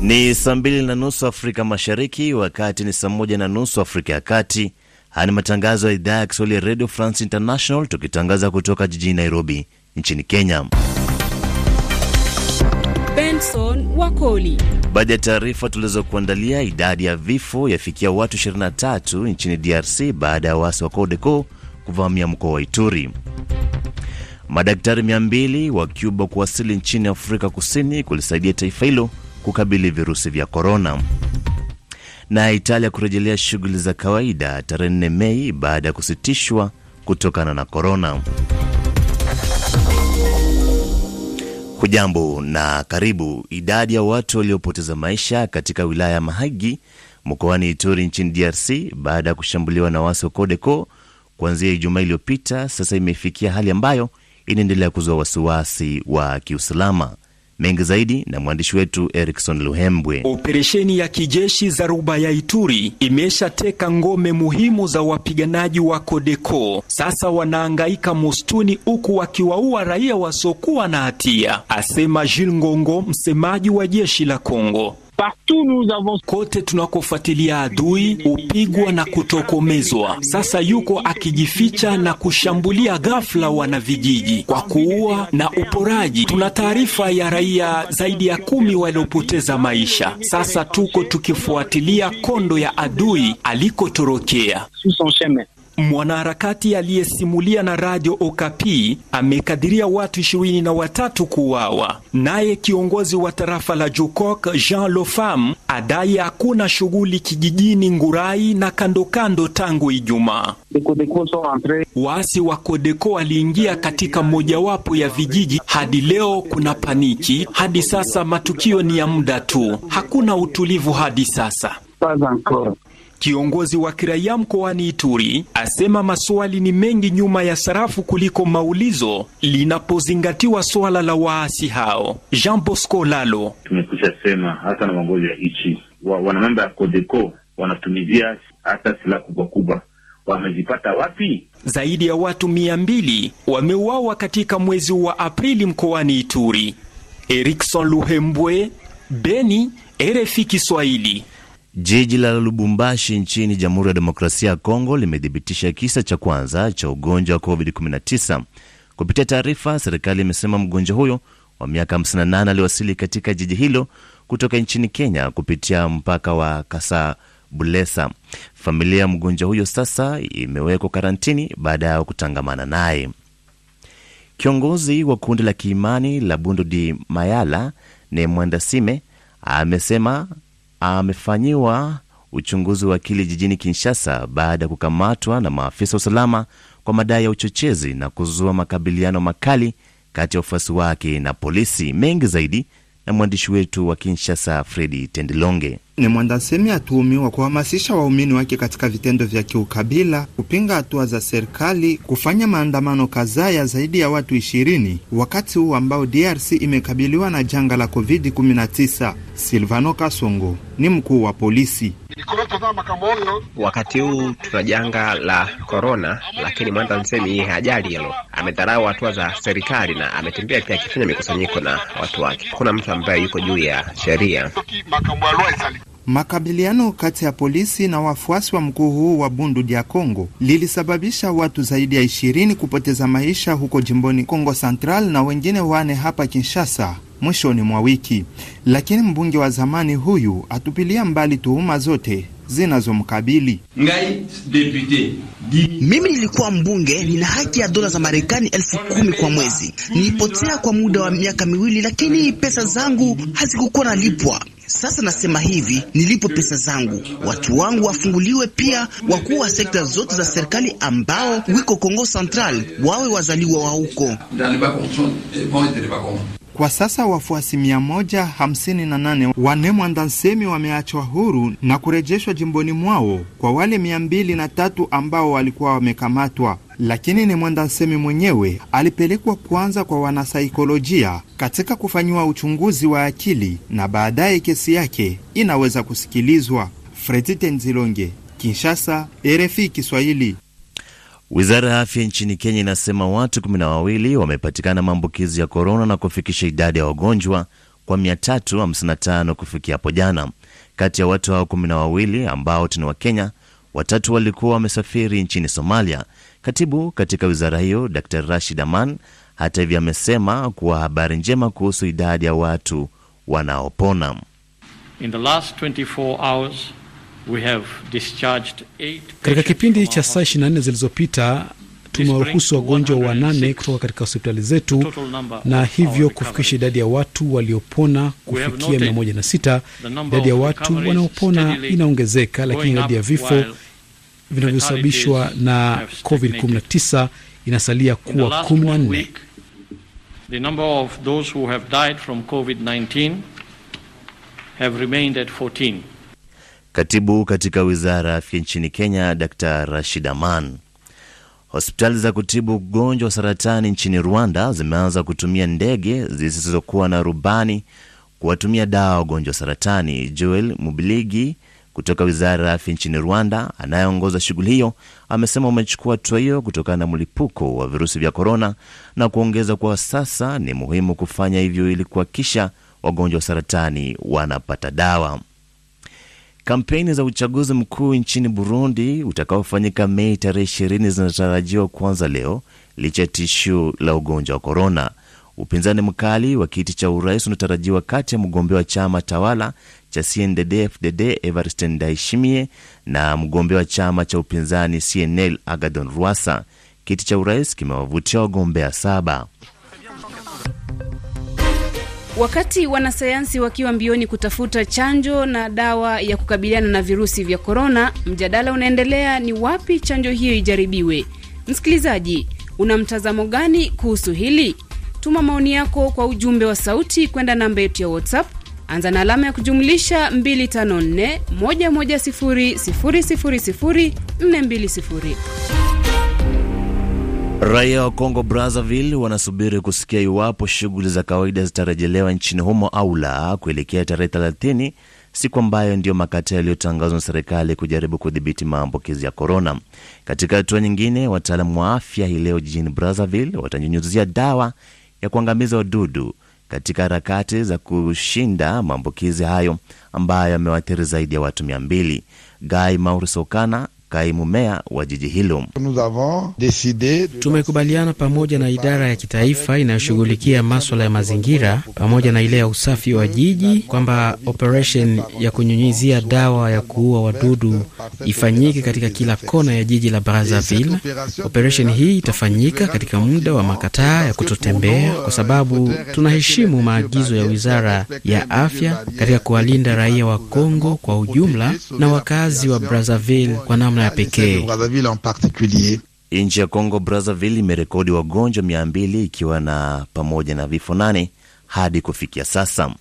Ni saa mbili na nusu Afrika Mashariki, wakati ni saa moja na nusu Afrika ya Kati. Haya ni matangazo ya idhaa ya Kiswahili ya Radio France International, tukitangaza kutoka jijini Nairobi nchini Kenya. Benson Wakoli. ya taarifa tulizokuandalia, idadi ya vifo yafikia watu 23 nchini DRC baada ya waasi wa CODECO kuvamia mkoa wa Ituri. Madaktari 200 wa Cuba kuwasili nchini Afrika Kusini kulisaidia taifa hilo kukabili virusi vya korona. Na Italia kurejelea shughuli za kawaida tarehe 4 Mei baada ya kusitishwa kutokana na korona. Hujambo na karibu. Idadi ya watu waliopoteza maisha katika wilaya ya Mahagi mkoani Ituri nchini DRC baada ya kushambuliwa na waasi wa Codeco kuanzia Ijumaa iliyopita sasa imefikia hali ambayo inaendelea kuzua wasiwasi wa kiusalama. Mengi zaidi na mwandishi wetu Erikson Luhembwe. Operesheni ya kijeshi Zaruba ya Ituri imeshateka ngome muhimu za wapiganaji wa Kodeko. Sasa wanaangaika mustuni huku wakiwaua raia wasiokuwa na hatia, asema Jil Ngongo, msemaji wa jeshi la Kongo. Kote tunakofuatilia adui hupigwa na kutokomezwa. Sasa yuko akijificha na kushambulia ghafla wanavijiji kwa kuua na uporaji. Tuna taarifa ya raia zaidi ya kumi waliopoteza maisha. Sasa tuko tukifuatilia kondo ya adui alikotorokea. Mwanaharakati aliyesimulia na Radio Okapi amekadiria watu ishirini na watatu kuuawa. Naye kiongozi wa tarafa la Jukok Jean Lofam adai hakuna shughuli kijijini Ngurai na kandokando tangu Ijumaa. Waasi wa Kodeko waliingia katika mojawapo ya vijiji. Hadi leo kuna paniki. Hadi sasa matukio ni ya muda tu, hakuna utulivu hadi sasa. Kiongozi wa kiraia mkoani Ituri asema maswali ni mengi nyuma ya sarafu kuliko maulizo linapozingatiwa swala la waasi hao. Jean Bosco Lalo: tumekusha sema hata na ichi wa wanamemba ya kodeko wanatumizia hata silaha kubwa kubwa wamezipata wapi? Zaidi ya watu mia mbili wameuawa katika mwezi wa Aprili mkoani Ituri. Erikson Luhembwe, Beni, RFI Kiswahili. Jiji la Lubumbashi nchini Jamhuri ya Demokrasia ya Kongo limethibitisha kisa cha kwanza cha ugonjwa wa COVID-19. Kupitia taarifa, serikali imesema mgonjwa huyo wa miaka 58 aliwasili katika jiji hilo kutoka nchini Kenya kupitia mpaka wa Kasabulesa. Familia ya mgonjwa huyo sasa imewekwa karantini baada ya kutangamana naye. Kiongozi wa kundi la kiimani la Bundu di Mayala, Nemwanda Sime, amesema amefanyiwa uchunguzi wa akili jijini Kinshasa baada ya kukamatwa na maafisa wa usalama kwa madai ya uchochezi na kuzua makabiliano makali kati ya wafuasi wake na polisi. Mengi zaidi na mwandishi wetu wa Kinshasa, Fredi Tendilonge ni mwandasemi atuhumiwa kuhamasisha waumini wake katika vitendo vya kiukabila, kupinga hatua za serikali, kufanya maandamano kadhaa ya zaidi ya watu ishirini wakati huu ambao DRC imekabiliwa na janga la COVID-19. Silvano Kasongo ni mkuu wa polisi. Wakati huu tuna janga la korona, lakini Mwanda Nsemi hii hajali hilo. Amedharau hatua za serikali na ametembea pia akifanya mikusanyiko na watu wake. Hakuna mtu ambaye yuko juu ya sheria. Makabiliano kati ya polisi na wafuasi wa mkuu huu wa Bundu dia congo lilisababisha watu zaidi ya ishirini kupoteza maisha huko jimboni congo Central na wengine wane hapa Kinshasa mwishoni mwa wiki, lakini mbunge wa zamani huyu atupilia mbali tuhuma zote zinazomkabili. Mimi nilikuwa mbunge, nina haki ya dola za Marekani elfu kumi kwa mwezi. Nilipotea kwa muda wa miaka miwili, lakini pesa zangu hazikukuwa nalipwa. Sasa nasema hivi, nilipo pesa zangu, watu wangu wafunguliwe, pia wakuu wa sekta zote za serikali ambao wiko Kongo Central wawe wazaliwa wa huko. Kwa sasa wafuasi 158 wane mwandansemi wameachwa huru na kurejeshwa jimboni mwao, kwa wale 203 ambao walikuwa wamekamatwa lakini ni Nsemi mwenyewe alipelekwa kwanza kwa wanasaikolojia katika kufanyiwa uchunguzi wa akili na baadaye kesi yake inaweza kusikilizwa. Fredi Tenzilonge, Kinshasa, RFI Kiswahili. Wizara ya afya nchini Kenya inasema watu kumi na wawili wamepatikana maambukizi ya korona na kufikisha idadi ya wagonjwa kwa 355 kufikia hapo jana. Kati ya watu hao kumi na wawili ambao ni kenya watatu walikuwa wamesafiri nchini Somalia Katibu katika wizara hiyo Dr Rashid Aman hata hivyo amesema kuwa habari njema kuhusu idadi ya watu wanaopona. Katika kipindi cha saa 24 zilizopita tumewaruhusu wagonjwa wanane kutoka katika hospitali zetu na hivyo kufikisha idadi ya watu waliopona kufikia 106. Idadi ya watu wanaopona inaongezeka, lakini idadi ya vifo vinavyosababishwa na COVID-19 inasalia kuwa 14. The number of those who have died from COVID-19 have remained at 14. Katibu katika Wizara ya Afya nchini Kenya, Dr. Rashid Aman. Hospitali za kutibu ugonjwa wa saratani nchini Rwanda zimeanza kutumia ndege zisizokuwa na rubani kuwatumia dawa wagonjwa saratani. Joel Mubiligi kutoka wizara ya afya nchini Rwanda anayeongoza shughuli hiyo amesema wamechukua hatua hiyo kutokana na mlipuko wa virusi vya korona, na kuongeza kuwa sasa ni muhimu kufanya hivyo ili kuhakikisha wagonjwa wa saratani wanapata dawa. Kampeni za uchaguzi mkuu nchini Burundi utakaofanyika Mei tarehe 20 zinatarajiwa kuanza leo licha ya tishu la ugonjwa wa korona. Upinzani mkali wa kiti cha urais unatarajiwa kati ya mgombea wa chama tawala cha CNDD-FDD Evariste Ndayishimiye na mgombea wa chama cha upinzani CNL Agathon Rwasa. Kiti cha urais kimewavutia wagombea saba. Wakati wanasayansi wakiwa mbioni kutafuta chanjo na dawa ya kukabiliana na virusi vya korona, mjadala unaendelea ni wapi chanjo hiyo ijaribiwe. Msikilizaji, una mtazamo gani kuhusu hili? Tuma maoni yako kwa ujumbe wa sauti kwenda namba yetu ya WhatsApp anza na alama ya kujumlisha 254 110 000 420. Raia wa congo Brazzaville wanasubiri kusikia iwapo shughuli za kawaida zitarejelewa nchini humo au la kuelekea tarehe 30, siku ambayo ndiyo makata yaliyotangazwa na serikali kujaribu kudhibiti maambukizi ya korona. Katika hatua nyingine, wataalamu wa afya hii leo jijini Brazzaville watanyunyuzia dawa ya kuangamiza wadudu katika harakati za kushinda maambukizi hayo ambayo yamewathiri zaidi ya watu 200. Guy Maurice Okana kaimu meya wa jiji hilo. Tumekubaliana pamoja na idara ya kitaifa inayoshughulikia maswala ya mazingira pamoja na ile ya usafi wa jiji kwamba operesheni ya kunyunyizia dawa ya kuua wadudu ifanyike katika kila kona ya jiji la Brazzaville. Operesheni hii itafanyika katika muda wa makataa ya kutotembea, kwa sababu tunaheshimu maagizo ya wizara ya afya katika kuwalinda raia wa Kongo kwa ujumla na wakazi wa Brazzaville kwa namna namna ya pekee. Nchi ya Kongo Brazzaville imerekodi wagonjwa mia mbili ikiwa na pamoja na vifo nane hadi kufikia sasa.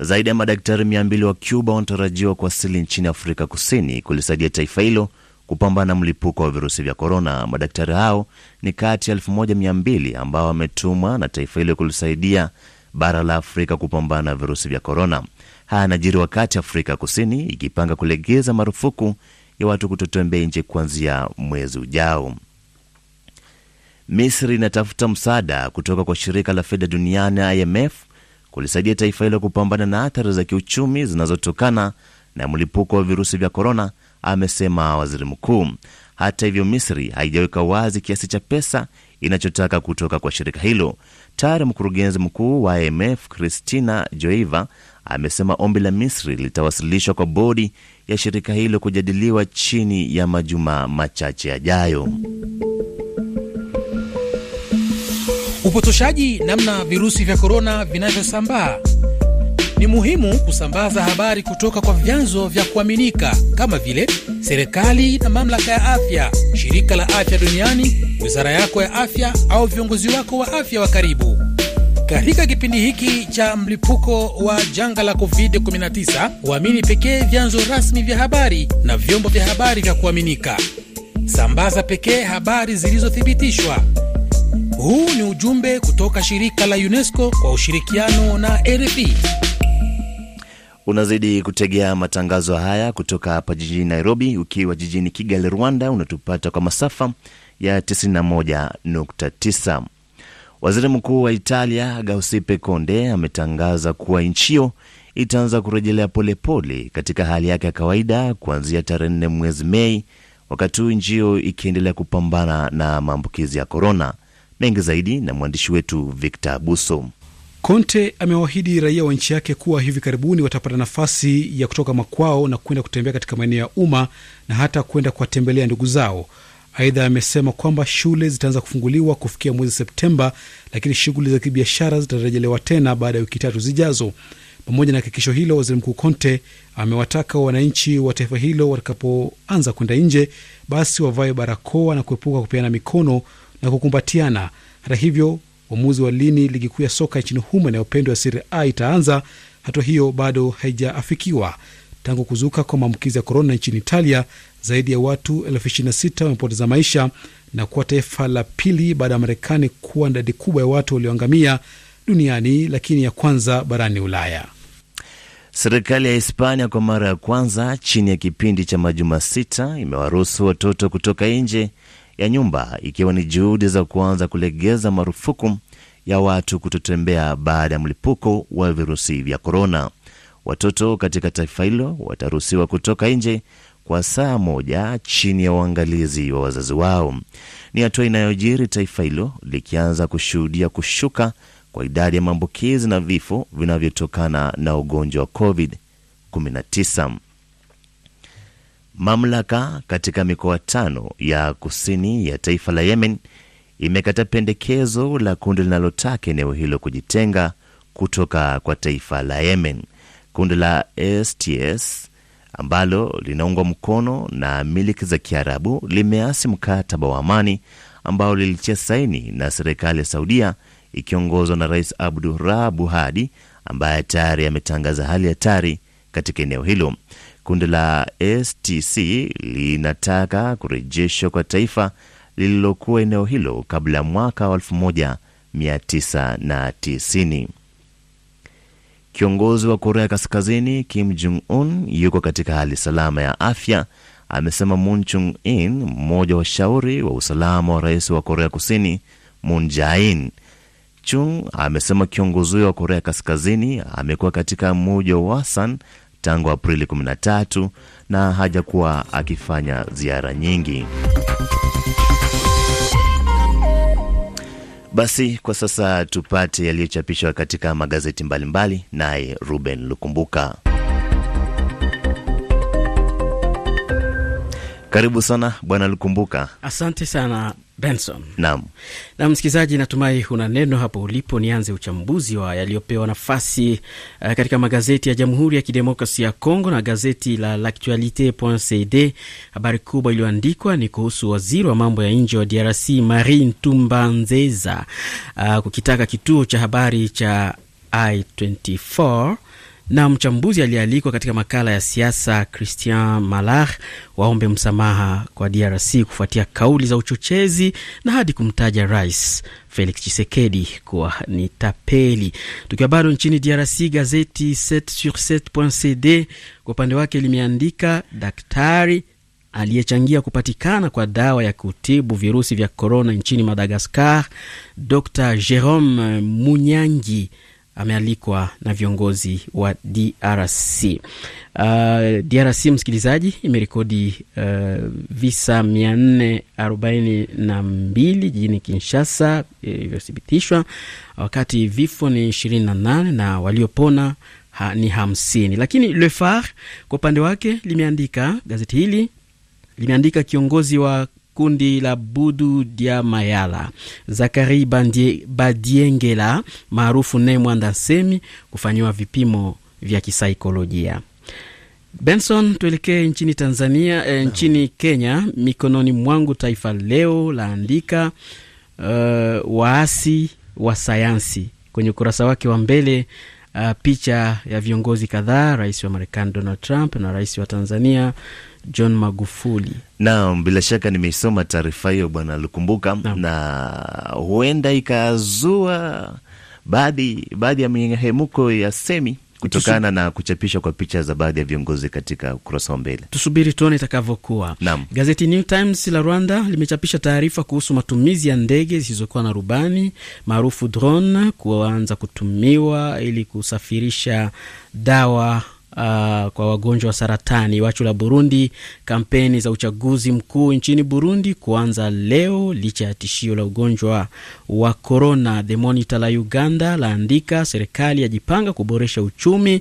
Zaidi ya madaktari mia mbili wa Cuba wanatarajiwa kuwasili nchini Afrika Kusini kulisaidia taifa hilo kupambana na mlipuko wa virusi vya korona. Madaktari hao ni kati ya elfu moja mia mbili ambao wametumwa na taifa hilo kulisaidia bara la Afrika kupambana na virusi vya korona. Haya yanajiri wakati Afrika Kusini ikipanga kulegeza marufuku ya watu kutotembea nje kuanzia mwezi ujao. Misri inatafuta msaada kutoka kwa shirika la fedha duniani IMF kulisaidia taifa hilo kupambana na athari za kiuchumi zinazotokana na mlipuko wa virusi vya korona, amesema waziri mkuu. Hata hivyo, Misri haijaweka wazi kiasi cha pesa inachotaka kutoka kwa shirika hilo. Tayari mkurugenzi mkuu wa IMF Christina Joiva amesema ombi la Misri litawasilishwa kwa bodi ya shirika hilo kujadiliwa chini ya majuma machache yajayo. Upotoshaji namna virusi vya korona vinavyosambaa. Ni muhimu kusambaza habari kutoka kwa vyanzo vya kuaminika kama vile serikali na mamlaka ya afya, shirika la afya duniani, wizara yako ya afya, au viongozi wako wa afya wa karibu. Katika kipindi hiki cha mlipuko wa janga la COVID-19, waamini pekee vyanzo rasmi vya habari na vyombo vya habari vya kuaminika. Sambaza pekee habari zilizothibitishwa. Huu ni ujumbe kutoka shirika la UNESCO kwa ushirikiano na RFI. Unazidi kutegea matangazo haya kutoka hapa jijini Nairobi. Ukiwa jijini Kigali, Rwanda, unatupata kwa masafa ya 91.9. Waziri Mkuu wa Italia Giuseppe Conte ametangaza kuwa nchi hiyo itaanza kurejelea polepole katika hali yake ya kawaida kuanzia tarehe nne mwezi Mei, wakati huu nchi hiyo ikiendelea kupambana na maambukizi ya korona. Mengi zaidi na mwandishi wetu Victor Abuso. Conte amewaahidi raia wa nchi yake kuwa hivi karibuni watapata nafasi ya kutoka makwao na kwenda kutembea katika maeneo ya umma na hata kwenda kuwatembelea ndugu zao. Aidha, amesema kwamba shule zitaanza kufunguliwa kufikia mwezi Septemba, lakini shughuli za kibiashara zitarejelewa tena baada ya wiki tatu zijazo. Pamoja na hakikisho hilo, waziri mkuu Conte amewataka wananchi wa taifa hilo watakapoanza kwenda nje, basi wavae barakoa na kuepuka kupeana mikono na kukumbatiana. Hata hivyo, uamuzi wa lini ligi kuu ya soka nchini humo inayopendwa ya Serie A itaanza, hatua hiyo bado haijaafikiwa. Tangu kuzuka kwa maambukizi ya korona nchini Italia, zaidi ya watu elfu ishirini na sita wamepoteza maisha na kuwa taifa la pili baada ya Marekani kuwa na idadi kubwa ya watu walioangamia duniani, lakini ya kwanza barani Ulaya. Serikali ya Hispania kwa mara ya kwanza chini ya kipindi cha majuma sita imewaruhusu watoto kutoka nje ya nyumba, ikiwa ni juhudi za kuanza kulegeza marufuku ya watu kutotembea baada ya mlipuko wa virusi vya korona. Watoto katika taifa hilo wataruhusiwa kutoka nje kwa saa moja chini ya uangalizi wa wazazi wao. Ni hatua inayojiri taifa hilo likianza kushuhudia kushuka kwa idadi ya maambukizi na vifo vinavyotokana na ugonjwa wa COVID-19. Mamlaka katika mikoa tano ya kusini ya taifa la Yemen imekata pendekezo la kundi linalotaka eneo hilo kujitenga kutoka kwa taifa la Yemen. Kundi la STS ambalo linaungwa mkono na miliki za Kiarabu limeasi mkataba wa amani ambao lilitia saini na serikali ya Saudia ikiongozwa na Rais Abdurabu Hadi ambaye tayari ametangaza hali hatari katika eneo hilo. Kundi la STC linataka kurejeshwa kwa taifa lililokuwa eneo hilo kabla ya mwaka wa 1990. Kiongozi wa Korea Kaskazini Kim Jong Un yuko katika hali salama ya afya, amesema Moon Chung In, mmoja wa shauri wa usalama wa rais wa Korea Kusini Moon Jae-in. Chung amesema kiongozi huyo wa Korea Kaskazini amekuwa katika mujo wa Wasan tangu Aprili 13 na hajakuwa akifanya ziara nyingi. Basi kwa sasa tupate yaliyochapishwa katika magazeti mbalimbali, naye Ruben Lukumbuka. Karibu sana bwana Lukumbuka. Asante sana Benson. Naam. Na msikilizaji, natumai una neno hapo ulipo. Nianze uchambuzi wa yaliyopewa nafasi uh, katika magazeti ya Jamhuri ya Kidemokrasia ya Kongo na gazeti la L'actualite.cd. Habari kubwa iliyoandikwa ni kuhusu waziri wa mambo ya nje wa DRC mari Ntumba Nzeza uh, kukitaka kituo cha habari cha I24 na mchambuzi aliyealikwa katika makala ya siasa Christian Malar waombe msamaha kwa DRC kufuatia kauli za uchochezi na hadi kumtaja rais Felix chisekedi kuwa ni tapeli. Tukiwa bado nchini DRC, gazeti 7 sur cd kwa upande wake limeandika daktari aliyechangia kupatikana kwa dawa ya kutibu virusi vya korona nchini madagascar Dr Jerome Munyangi amealikwa na viongozi wa DRC. Uh, DRC msikilizaji, imerekodi uh, visa mia nne arobaini na mbili jijini Kinshasa vilivyothibitishwa, eh, wakati vifo ni ishirini na nane na waliopona ha, ni hamsini. Lakini Le Phare kwa upande wake limeandika gazeti hili limeandika kiongozi wa kundi la Budu Dia Mayala. Zakari Badiengela maarufu ne Mwanda Semi kufanyiwa vipimo vya kisaikolojia. Benson, tuelekee nchini Tanzania eh, nchini Kenya. Mikononi mwangu Taifa Leo laandika uh, waasi wa sayansi kwenye ukurasa wake wa mbele uh, picha ya viongozi kadhaa, rais wa Marekani Donald Trump na rais wa Tanzania John Magufuli. Naam, bila shaka nimeisoma taarifa hiyo bwana Lukumbuka na, na huenda ikazua baadhi baadhi ya mihemuko ya semi kutokana Tusu... na kuchapishwa kwa picha za baadhi ya viongozi katika ukurasa wa mbele. Tusubiri tuone itakavyokuwa. Gazeti New Times la Rwanda limechapisha taarifa kuhusu matumizi ya ndege zisizokuwa na rubani maarufu drone kuanza kutumiwa ili kusafirisha dawa uh, kwa wagonjwa wa saratani. Wachu la Burundi, kampeni za uchaguzi mkuu nchini Burundi kuanza leo licha ya tishio la ugonjwa wa korona. The Monitor la Uganda laandika serikali yajipanga kuboresha uchumi.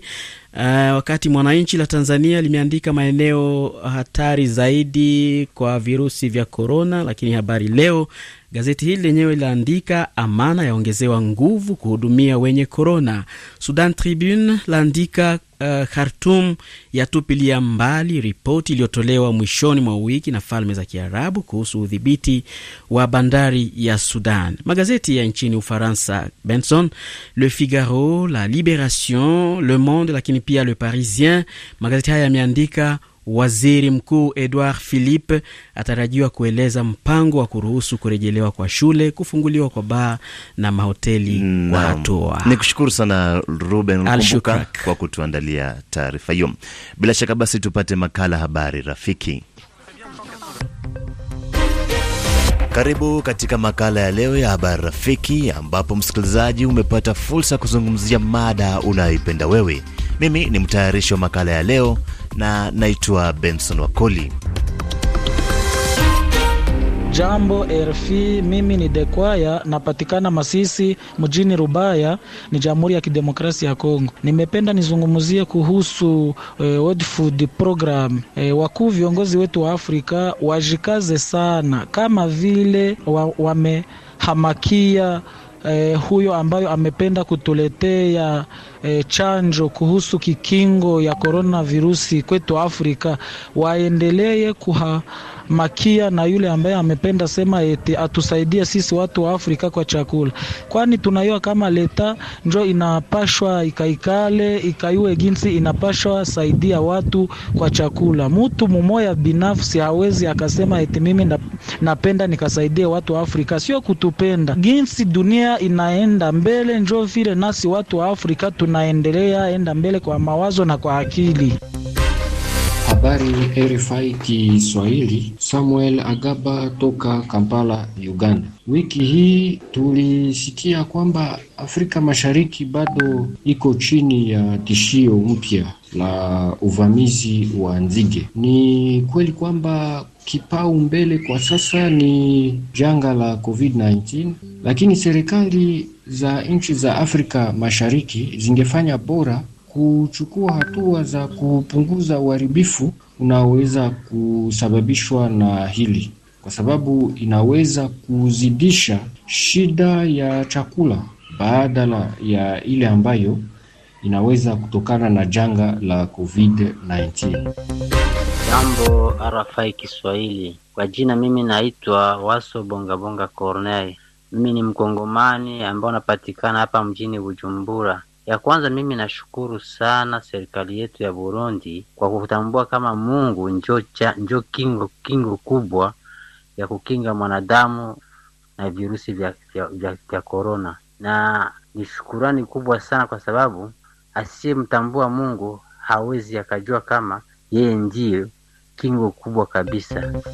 Uh, wakati Mwananchi la Tanzania limeandika maeneo hatari zaidi kwa virusi vya korona, lakini Habari Leo Gazeti hili lenyewe laandika amana yaongezewa nguvu kuhudumia wenye korona. Sudan Tribune laandika uh, Khartum yatupilia mbali ripoti iliyotolewa mwishoni mwa wiki na Falme za Kiarabu kuhusu udhibiti wa bandari ya Sudan. Magazeti ya nchini Ufaransa, Benson, Le Figaro, La Liberation, Le Monde, lakini pia Le Parisien, magazeti haya yameandika Waziri Mkuu Edouard Philippe atarajiwa kueleza mpango wa kuruhusu kurejelewa kwa shule, kufunguliwa kwa baa na mahoteli kwa hatua. Ni kushukuru sana Ruben Kumbuka kwa kutuandalia taarifa hiyo. Bila shaka basi tupate makala habari rafiki. Karibu katika makala ya leo ya habari rafiki, ambapo msikilizaji, umepata fursa kuzungumzia mada unayoipenda wewe. Mimi ni mtayarishi wa makala ya leo na naitwa Benson Wakoli. Jambo rf mimi ni Dekwaya, napatikana Masisi mjini Rubaya, ni Jamhuri ya Kidemokrasia ya Kongo. Nimependa nizungumzie kuhusu eh, World Food Program. Eh, wakuu viongozi wetu wa Afrika wajikaze sana, kama vile wa, wamehamakia eh, huyo ambayo amependa kutuletea eh, chanjo kuhusu kikingo ya korona virusi kwetu Afrika waendelee kuha makia na yule ambaye amependa sema eti atusaidie sisi watu wa Afrika kwa chakula, kwani tunaiwa kama leta njo inapashwa ikaikale ikaiwe ginsi inapashwa saidia watu kwa chakula. Mutu mumoya binafsi hawezi akasema eti mimi napenda nikasaidie watu wa Afrika, sio kutupenda. Ginsi dunia inaenda mbele, njo vile nasi watu wa Afrika tunaendelea enda mbele kwa mawazo na kwa akili. Habari RFI Kiswahili, Samuel Agaba toka Kampala, Uganda. Wiki hii tulisikia kwamba Afrika Mashariki bado iko chini ya tishio mpya la uvamizi wa nzige. Ni kweli kwamba kipau mbele kwa sasa ni janga la COVID-19, lakini serikali za nchi za Afrika Mashariki zingefanya bora kuchukua hatua za kupunguza uharibifu unaoweza kusababishwa na hili, kwa sababu inaweza kuzidisha shida ya chakula badala ya ile ambayo inaweza kutokana na janga la COVID-19. Jambo RFI Kiswahili, kwa jina mimi naitwa Waso Bongabonga Corneille. Mimi ni Mkongomani ambao anapatikana hapa mjini Bujumbura. Ya kwanza mimi nashukuru sana serikali yetu ya Burundi kwa kutambua kama Mungu njo, cha, njo kingo, kingo kubwa ya kukinga mwanadamu na virusi vya, vya, vya, vya korona, na ni shukurani kubwa sana kwa sababu asiyemtambua Mungu hawezi akajua kama yeye ndiye kingo kubwa kabisa. Naitwa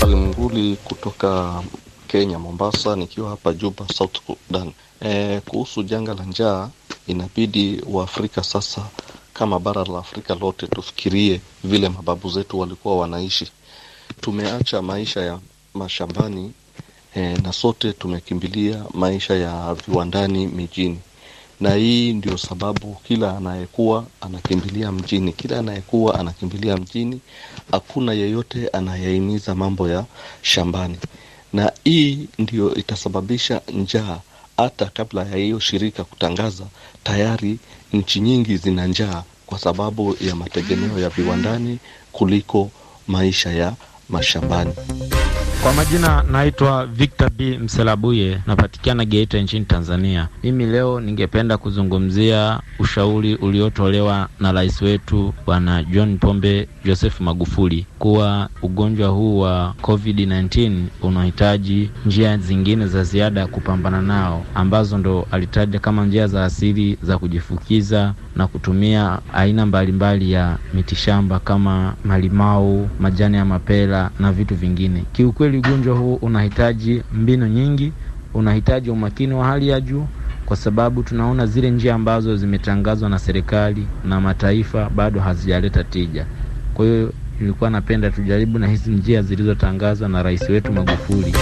Salim Nguli kutoka Kenya, Mombasa, nikiwa hapa Juba, South Sudan eh, kuhusu janga la njaa, inabidi Waafrika sasa kama bara la Afrika lote tufikirie vile mababu zetu walikuwa wanaishi. Tumeacha maisha ya mashambani eh, na sote tumekimbilia maisha ya viwandani mijini, na hii ndio sababu kila anayekuwa anakimbilia mjini, kila anayekuwa anakimbilia mjini. Hakuna yeyote anayehimiza mambo ya shambani, na hii ndio itasababisha njaa hata kabla ya hiyo shirika kutangaza, tayari nchi nyingi zina njaa kwa sababu ya mategemeo ya viwandani kuliko maisha ya mashambani. Kwa majina naitwa Victor B Mselabuye, napatikana Geita nchini Tanzania. Mimi leo ningependa kuzungumzia ushauri uliotolewa na rais wetu Bwana John Pombe Joseph Magufuli kuwa ugonjwa huu wa COVID-19 unahitaji njia zingine za ziada ya kupambana nao, ambazo ndo alitaja kama njia za asili za kujifukiza na kutumia aina mbalimbali ya mitishamba kama malimau, majani ya mapera hela na vitu vingine. Kiukweli, ugonjwa huu unahitaji mbinu nyingi, unahitaji umakini wa hali ya juu, kwa sababu tunaona zile njia ambazo zimetangazwa na serikali na mataifa bado hazijaleta tija. Kwa hiyo, ilikuwa napenda tujaribu na hizi njia zilizotangazwa na rais wetu Magufuli.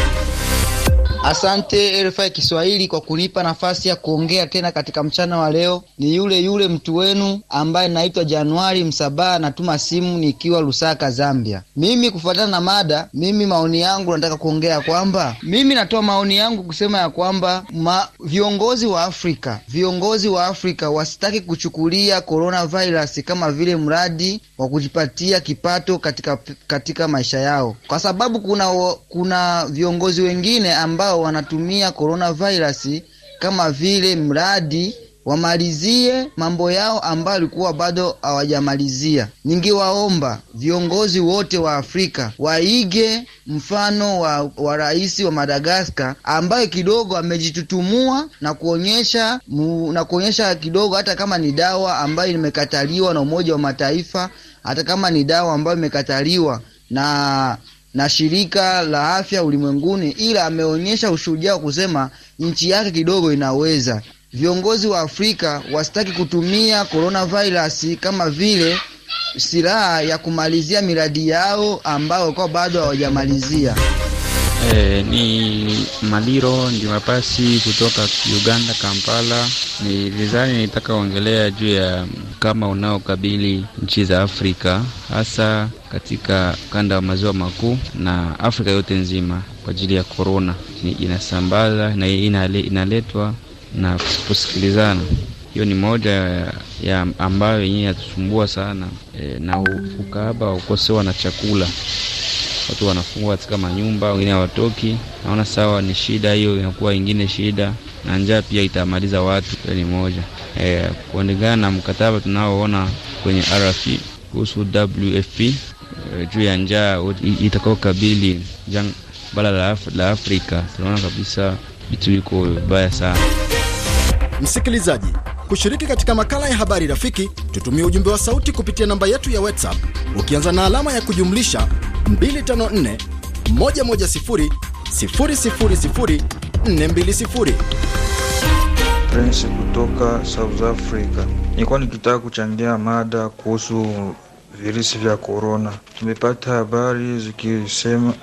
Asante RFI Kiswahili kwa kunipa nafasi ya kuongea tena katika mchana wa leo. Ni yule yule mtu wenu ambaye naitwa Januari Msabaha, natuma simu nikiwa Lusaka, Zambia. Mimi kufuatana na mada, mimi maoni yangu nataka kuongea kwamba mimi natoa maoni yangu kusema ya kwamba ma, viongozi wa Afrika viongozi wa Afrika wasitaki kuchukulia coronavirus kama vile mradi wa kujipatia kipato katika, katika maisha yao, kwa sababu kuna, kuna viongozi wengine ambao ambao wanatumia coronavirus kama vile mradi wamalizie mambo yao ambayo alikuwa bado hawajamalizia. Ningewaomba viongozi wote wa Afrika waige mfano wa, wa rais wa Madagaskar ambaye kidogo amejitutumua na kuonyesha mu, na kuonyesha kidogo, hata kama ni dawa ambayo imekataliwa na Umoja wa Mataifa, hata kama ni dawa ambayo imekataliwa na na Shirika la Afya Ulimwenguni, ila ameonyesha ushujaa wa kusema nchi yake kidogo inaweza. Viongozi wa Afrika wasitaki kutumia coronavirus kama vile silaha ya kumalizia miradi yao ambayo kwa bado hawajamalizia. E, ni Maliro ndi mapasi kutoka Uganda Kampala. Ni vizani nitaka ongelea juu ya kama unaokabili nchi za Afrika hasa katika ukanda wa maziwa makuu na Afrika yote nzima kwa ajili ya korona inasambaza na inaletwa na kusikilizana. Hiyo ni moja ya ambayo yenyewe yatusumbua sana e, na ukaba wa kukosewa na chakula watu wanafungwa katika manyumba, wengine hawatoki. Naona sawa, ni shida hiyo, inakuwa ingine shida na njaa pia itamaliza watu. ni moja e, kuondekana na mkataba tunaoona kwenye RF kuhusu WFP e, juu ya njaa itakao kabili bara la, Af la Afrika. Tunaona kabisa vitu viko vibaya sana. Msikilizaji, kushiriki katika makala ya habari rafiki, tutumie ujumbe wa sauti kupitia namba yetu ya WhatsApp ukianza na alama ya kujumlisha 254 Prince kutoka South Africa. Nilikuwa nikitaka kuchangia mada kuhusu virusi vya korona. Tumepata habari zikisemekana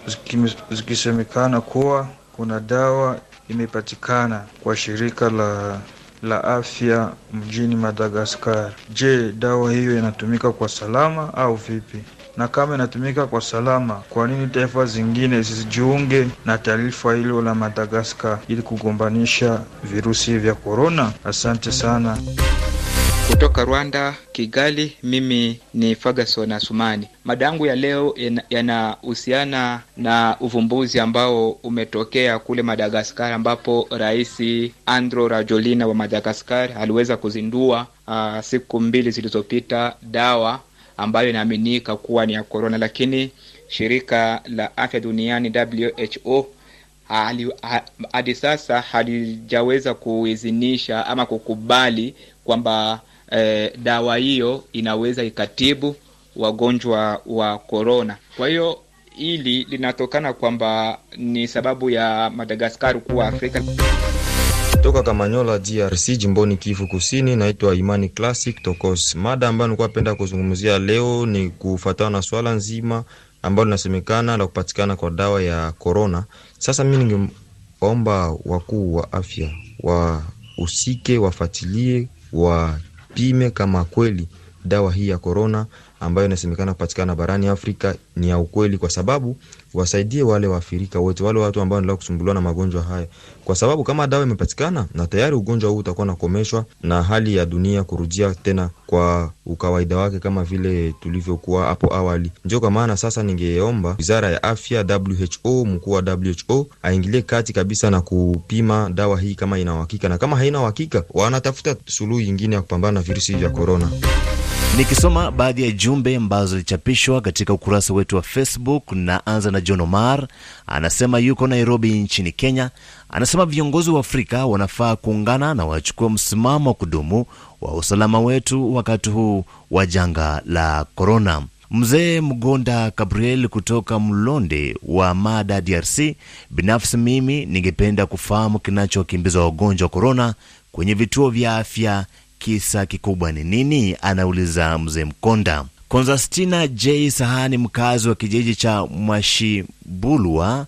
ziki, ziki kuwa kuna dawa imepatikana kwa shirika la la afya mjini Madagaskar. Je, dawa hiyo inatumika kwa salama au vipi? na kama inatumika kwa salama, kwa nini taifa zingine zisijiunge na taifa hilo la Madagaskar ili kugombanisha virusi vya korona? Asante sana. Kutoka Rwanda, Kigali, mimi ni Ferguson Asumani. Mada yangu ya leo yanahusiana na uvumbuzi ambao umetokea kule Madagaskar, ambapo Rais Andro Rajolina wa Madagaskar aliweza kuzindua uh, siku mbili zilizopita dawa ambayo inaaminika kuwa ni ya korona, lakini shirika la afya duniani WHO hadi sasa halijaweza kuizinisha ama kukubali kwamba eh, dawa hiyo inaweza ikatibu wagonjwa wa korona. Kwa hiyo hili linatokana kwamba ni sababu ya Madagaskari kuwa Afrika Toka Kamanyola, DRC, jimboni Kivu Kusini. Naitwa Imani Classic Tokos. Mada ambayo nilikuwa napenda kuzungumzia leo ni kufuatana na swala nzima ambalo linasemekana la kupatikana kwa dawa ya korona. Sasa mi ningeomba wakuu wa afya wahusike, wafatilie, wapime kama kweli dawa hii ya korona ambayo inasemekana kupatikana barani Afrika ni ya ukweli, kwa sababu wasaidie wale waafirika wote, wale watu ambao wanaendelea kusumbuliwa na magonjwa haya, kwa sababu kama dawa imepatikana na tayari ugonjwa huu utakuwa nakomeshwa na hali ya dunia kurudia tena kwa ukawaida wake kama vile tulivyokuwa hapo awali. Ndio kwa maana sasa ningeomba wizara ya afya, WHO, mkuu wa WHO aingilie kati kabisa na kupima dawa hii kama ina uhakika, na kama haina uhakika wanatafuta suluhu nyingine ya kupambana na virusi vya korona. Nikisoma baadhi ya jumbe ambazo zilichapishwa katika ukurasa wetu wa Facebook. Na anza na John Omar, anasema yuko Nairobi nchini Kenya. Anasema viongozi wa Afrika wanafaa kuungana na wachukua msimamo wa kudumu wa usalama wetu wakati huu wa janga la korona. Mzee Mgonda Gabriel kutoka Mlonde wa Mada, DRC, binafsi mimi ningependa kufahamu kinachokimbiza wagonjwa wa korona kwenye vituo vya afya kisa kikubwa ni nini? Anauliza mzee Mkonda. Konstantina J Sahani, mkazi wa kijiji cha Mwashibulwa,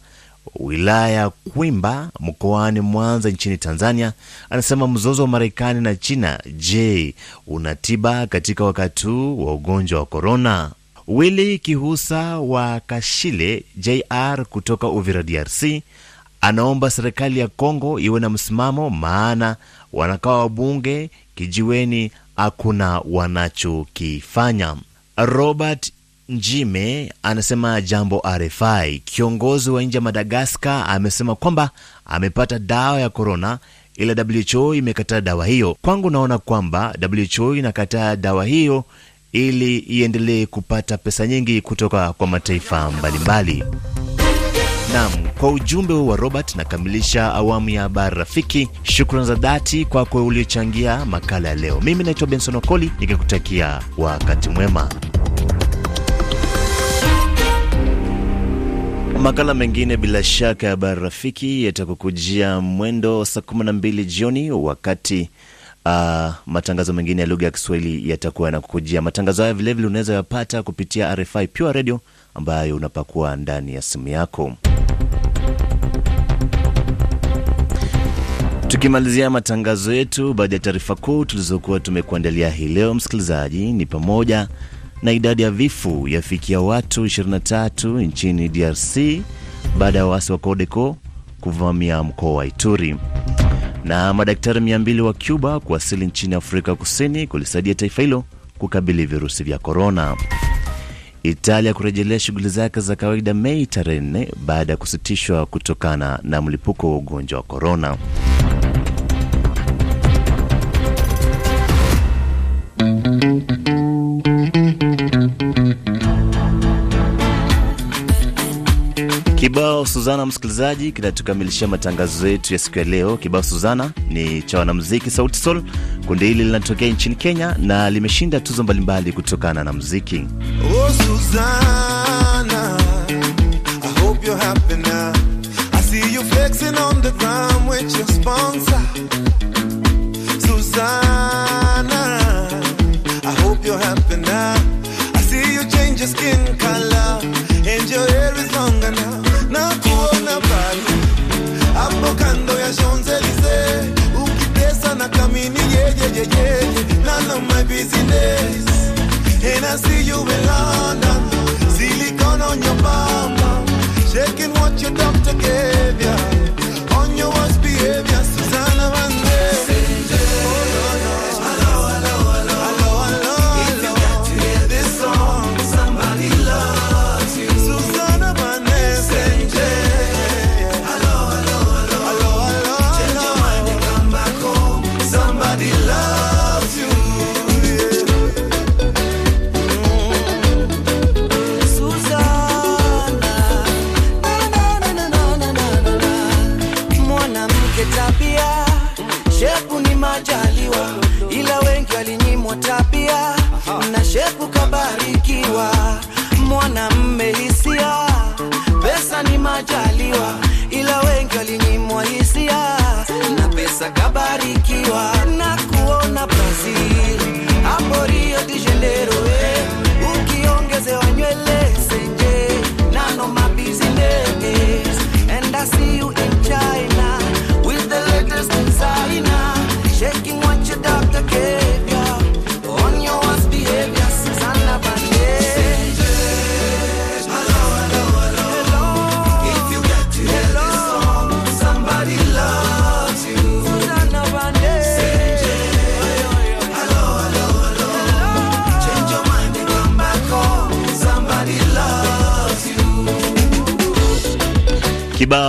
wilaya Kwimba, mkoani Mwanza, nchini Tanzania, anasema mzozo wa Marekani na China, je, unatiba katika wakati huu wa ugonjwa wa korona? Willi Kihusa wa Kashile JR kutoka Uvira, DRC Anaomba serikali ya Kongo iwe na msimamo, maana wanakaa wabunge kijiweni, hakuna wanachokifanya. Robert Njime anasema jambo RFI. Kiongozi wa nje ya Madagaskar amesema kwamba amepata dawa ya korona, ila WHO imekataa dawa hiyo. Kwangu naona kwamba WHO inakataa dawa hiyo ili iendelee kupata pesa nyingi kutoka kwa mataifa mbalimbali mbali. Naam, kwa ujumbe wa Robert nakamilisha awamu ya habari rafiki. Shukrani za dhati kwako uliochangia makala ya leo. Mimi naitwa Benson Okoli nikikutakia wakati mwema. Makala mengine bila shaka ya habari rafiki yatakukujia mwendo saa 12 jioni wakati Uh, matangazo mengine ya lugha ya Kiswahili yatakuwa yanakukujia. Matangazo haya vilevile unaweza yapata kupitia RFI Pure Radio ambayo unapakua ndani ya simu yako. Tukimalizia matangazo yetu, baadhi ya taarifa kuu tulizokuwa tumekuandalia hii leo, msikilizaji, ni pamoja na idadi ya vifo yafikia watu 23 nchini DRC baada ya waasi wa Codeco kuvamia mkoa wa Ituri, na madaktari 200 wa Cuba kuwasili nchini Afrika Kusini kulisaidia taifa hilo kukabili virusi vya korona. Italia kurejelea shughuli zake za kawaida Mei tarehe 4 baada ya kusitishwa kutokana na mlipuko wa ugonjwa wa korona. Kibao Suzana, msikilizaji, kinatukamilishia matangazo yetu ya siku ya leo. Kibao Suzana ni cha wanamuziki Sauti Sol. Kundi hili linatokea nchini Kenya na limeshinda tuzo mbalimbali kutokana na muziki. Oh, Suzana, I hope you're happy now. I see you flexing on the ground with your sponsor. Suzana change your skin color and your hair is longer now. Na kuona bali hapo kando ya Champs Elysees, ukitesa na kamini yeje yeje none of my business. And I see you in London, silicone on your mama, shaking what your doctor gave ya, on your worst behavior, Susanna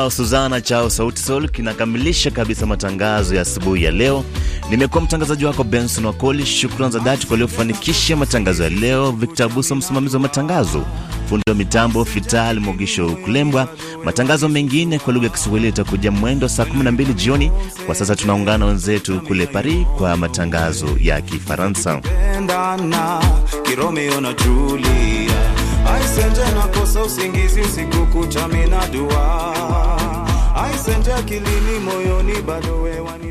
kibao Suzana chao Sauti Sol kinakamilisha kabisa matangazo ya asubuhi ya leo. Nimekuwa mtangazaji wako Benson Wakoli. Shukrani za dhati kwa waliofanikisha matangazo ya leo, Victor Abuso msimamizi wa matangazo, fundi wa mitambo Fital Mogisho Kulembwa. Matangazo mengine kwa lugha ya Kiswahili yatakuja mwendo saa 12 jioni. Kwa sasa tunaungana wenzetu kule Paris kwa matangazo ya Kifaransa. Aisenje nakosa usingizi usiku kucha, mina dua aisenje akilini, moyoni bado wewe